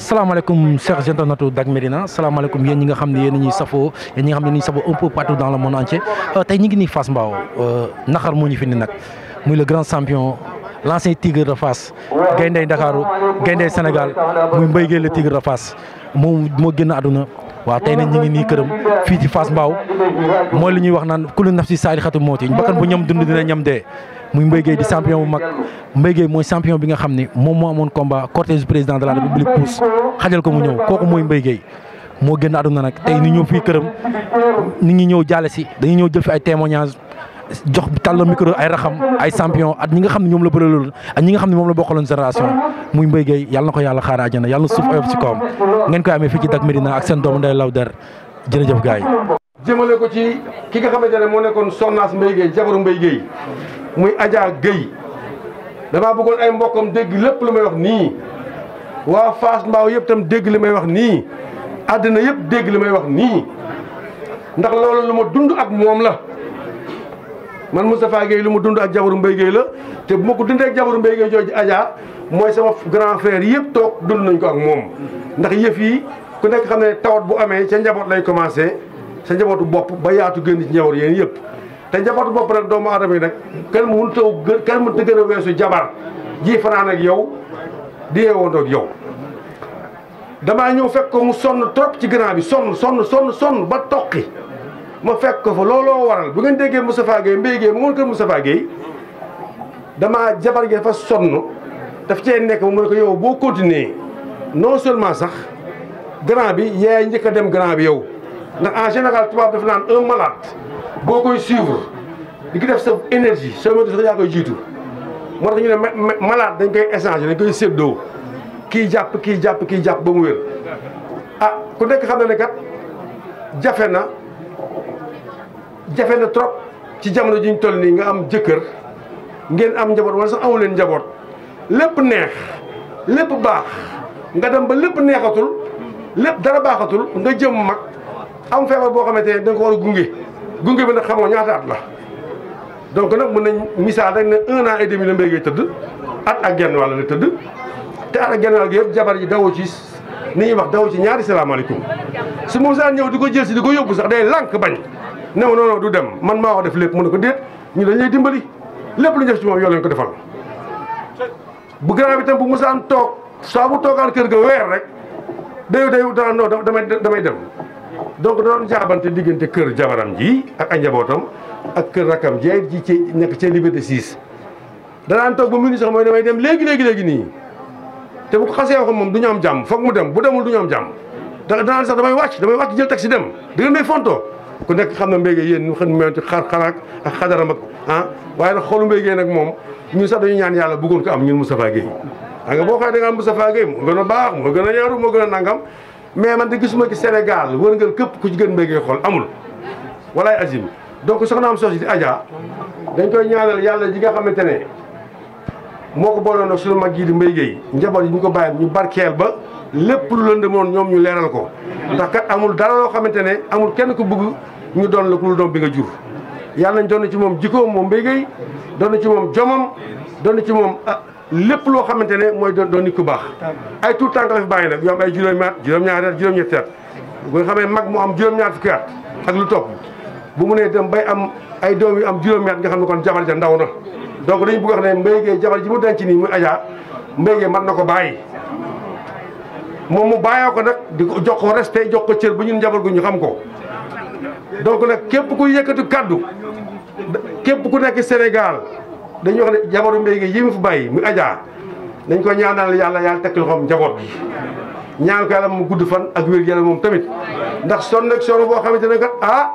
Assalamualaikum chers gens de notre Dag Assalamualaikum yeen ya, ñi nga xamni yeen ya, ñi safo, yeen ñi xamni ñi safo un peu partout dans le monde entier. Eh, tay ñi ngi ni fas Mbaw, euh nakar mo ñi fi nak. Muy le grand champion l'ancien tigre de Fass, gendey Dakar, gendey Senegal, muy mbeyge le tigre de Fass. Mo mo genn aduna. Wa tay ñi ngi ni kërëm fi ci Fass Mbaw. Mo li ñuy wax naan kulun nafsi salihatu mawtin. Bakkan bu ñam dund dina ñam de. muy Mbaye Gueye di champion bu mag Mbaye Gueye mooy champion bi nga xam ne moom moo amoon combat cortège président de la république pousse xajal ko mu ñëw kooku mooy Mbaye moo génn àdduna nag tey ni ñëw fii këram ni ngi ñëw jaale si dañuy ñëw jël fi ay témoignages jox tàll micro ay raxam ay champion ak ñi nga xam ne ñoom la bëre loolu ak ñi nga xam ne moom la bokkaloon génération muy Mbaye Gueye yàlla na ko yàlla xaar àjjana yàlla na suuf oyof si kawam ngeen koy amee fii ci ak seen doomu nday law der jërëjëf gars yi jëmale ko ci ki nga xamante ne moo muy Adja Guèye damaa bëggoon ay mbokkam dégg lépp lu may wax nii waa Fass Mbao yëpp tam dégg li may wax nii àddina yëpp dégg li may wax nii ndax loolu lu ma dund ak moom la man Moustapha Guèye lu ma dund ak jabaru Mbaye Guèye la te bu ma ko dundee ak jabaru Mbaye Guèye ji ajaa mooy sama grand frère yëpp toog dund nañ ko ak moom ndax yëf yi ku nekk xam ne tawat bu amee ca njaboot lay commencé sa njabootu bopp ba yaatu génn ci njaboot yéen yëpp te njabootu bopp nag doomu aadama yi nag kenn mënut a gën kenn mënut a gën a weesu jabar ji fanaan ak yow di yeewoondoog yow. damaa ñëw fekk ko mu sonn trop ci grand bi sonn sonn sonn sonn ba toqi ma fekk ko fa looloo waral bu ngeen déggee Moustapha Gueye Mbaye Gueye mu ngoon kër Moustapha Gueye damaa jabar gi dafa sonn daf cee nekk mu ne ko yow boo continuer non seulement sax grand bi yaay njëkk a dem grand bi yow ndax en général tubaab dafa naan un boo koy suivre di ki def sa énergie soo mën sax jiitu moo tax ñu ne malaat dañ koy échanger dañ koy séddoo kii jàpp kii jàpp kii jàpp ba mu wér ah ku nekk xam na ne kat jafe na jafe na trop ci jamono ji toll nii nga am jëkkër ngeen am njaboot wala sax amu leen njaboot lépp neex lépp baax nga dem ba lépp neexatul lépp dara baaxatul nga jëm mag am feebar boo xamante ne da nga ko war a gunge gungé bi nak xamoo ñaata at la donc nak mën nañ misal rek ne 1 an et demi la mbéy tëdd at ak genn wala la tëdd té ara genn wala yépp jabar yi dawo ci ni ñuy wax daw ci ñaari salaam alaykum su mo sa ñew diko jël ci diko yobbu sax day lank bañ néw non non du dem man ma wax def lepp mu ne ko deet ñu dañ lay dimbali lepp lu ñëf ci mom yoon lañ ko defal bu grave tam bu musa am tok bu togal kër ga wër rek day day da no damay damay dem donc da doon jaabante diggante kër jabaram ji ak ay njabootam ak kër rakkam ji ji ci nekk ca liberté 6. danaan toog ba mu sax mooy damay dem léegi léegi léegi nii te bu ko xasee waxoon moom du ñu am jàmm foog mu dem bu demul du ñu am jàmm danaan sax damay wàcc damay wàcc jël si dem da ngeen may fontoo ku nekk xam na mbéyge yéen ñu xam meenti xar xaraak ak xadaram ak ah waaye nag xoolu mbéygee nag moom ñun sax dañu ñaan yàlla bëggoon ko am ñun Moustapha Gueye xam nga boo xoolee da nga am Moustapha Gueye moo gën a baax moo gën a ñaaru moo gën a nangam mais man de gisuma ci Sénégal wërngal képp ku ci gën mbéy xool amul walaay azim donc soxnaam soos di Adja dañ koy ñaanal yàlla ji nga xamante ne moo ko booloon ak suñu mag yi di mbéy géey njaboot yi ñu ko bàyyi ñu barkeel ba lépp lu lënd moon ñoom ñu leeral ko ndax kat amul dara loo xamante ne amul kenn ku bugg ñu doon la ku lu doom bi nga jur yàlla nañ doon ci moom jikkoom moom mbéy géey doon ci moom jomam doon ci moom ah, lépp loo xamante ne mooy doon doon nit ku baax ay tout temps la fi bàyyi nag yu am ay juróomi at juróom-ñaari at juróom-ñetti at mu am juróom-ñaar fukki at ak lu bu mu dem bay am ay doom yu am juróomi nga xam ne kon jabar ja ndaw na donc dañu bugg wax ne mbéy gee jabar ji mu denc nii muy Adja mbéy gee mën na ko bàyyi moom mu bàyyoo ko nag di ko jox ko respect jox ko cër bu ñun njaboot gu ñu xam ko donc nag képp ku yëkkati kàddu képp ku nekk Sénégal dañuy wax ne jabaru mbéy ngi yi mu fi bàyyi mu ajaa dañ ko ñaanal yàlla yàlla tekki loxoom njaboot bi ñaan ko yàlla mu gudd fan ak wér yàlla moom tamit ndax sonn nag sonn boo xamante ne kat ah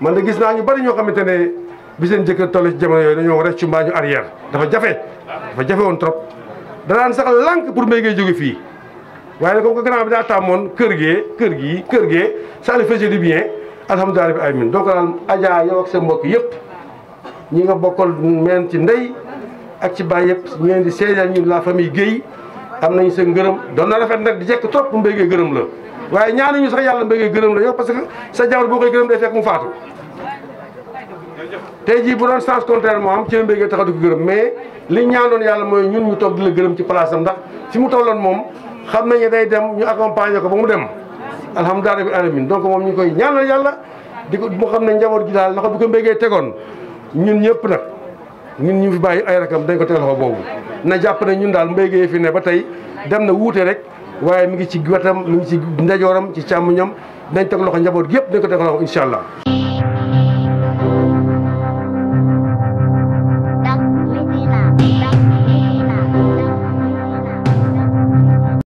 man de gis naa ñu bari ñoo xamante ne bi seen jëkkër toll ci jamono yooyu dañoo rek ci mbaa ñu dafa jafe dafa jafe woon trop danaan sax lànk pour mbéy jóge fii waaye nag comme que grand bi daa taamoon kër gee kër gi kër gee ça lui faisait du bien alhamdulilah bi amin donc daal Adja mbokk yëpp ñi nga bokkal meen ci ndey ak ci bàyyi yëpp ñu leen di seedeel ñun la famille Guèye am nañu sa ngërëm doon na rafet nag di jekk trop bu mbéygee gërëm la waaye ñaanuñu sax yàlla mbéygee gërëm la parce que sa jabar boo koy gërëm day fekk mu faatu tey jii bu doon sens contraire moo am ci taxatu gërëm mais li ñaanoon yàlla mooy ñun ñu toog di la gërëm ci place am ndax fi mu tolloon moom xam nañu day dem ñu accompagner ko ba mu dem alhamdulilah rabbil alamin donc moom ñu koy ñaanal yàlla di ko mu xam ne njaboot gi daal naka bu ko mbéygee tegoon ñun ñëpp nag ñun ñu fi bàyyi ay rakam dañ ko teel loxo boobu na jàpp ne ñun daal mbéy fi ne ba tey dem na wuute rek waaye mu ngi ci wetam mu ngi ci ndajooram ci càmmuñam dañ teg loxo njaboot gi yëpp dañ ko teg loxo incha allah.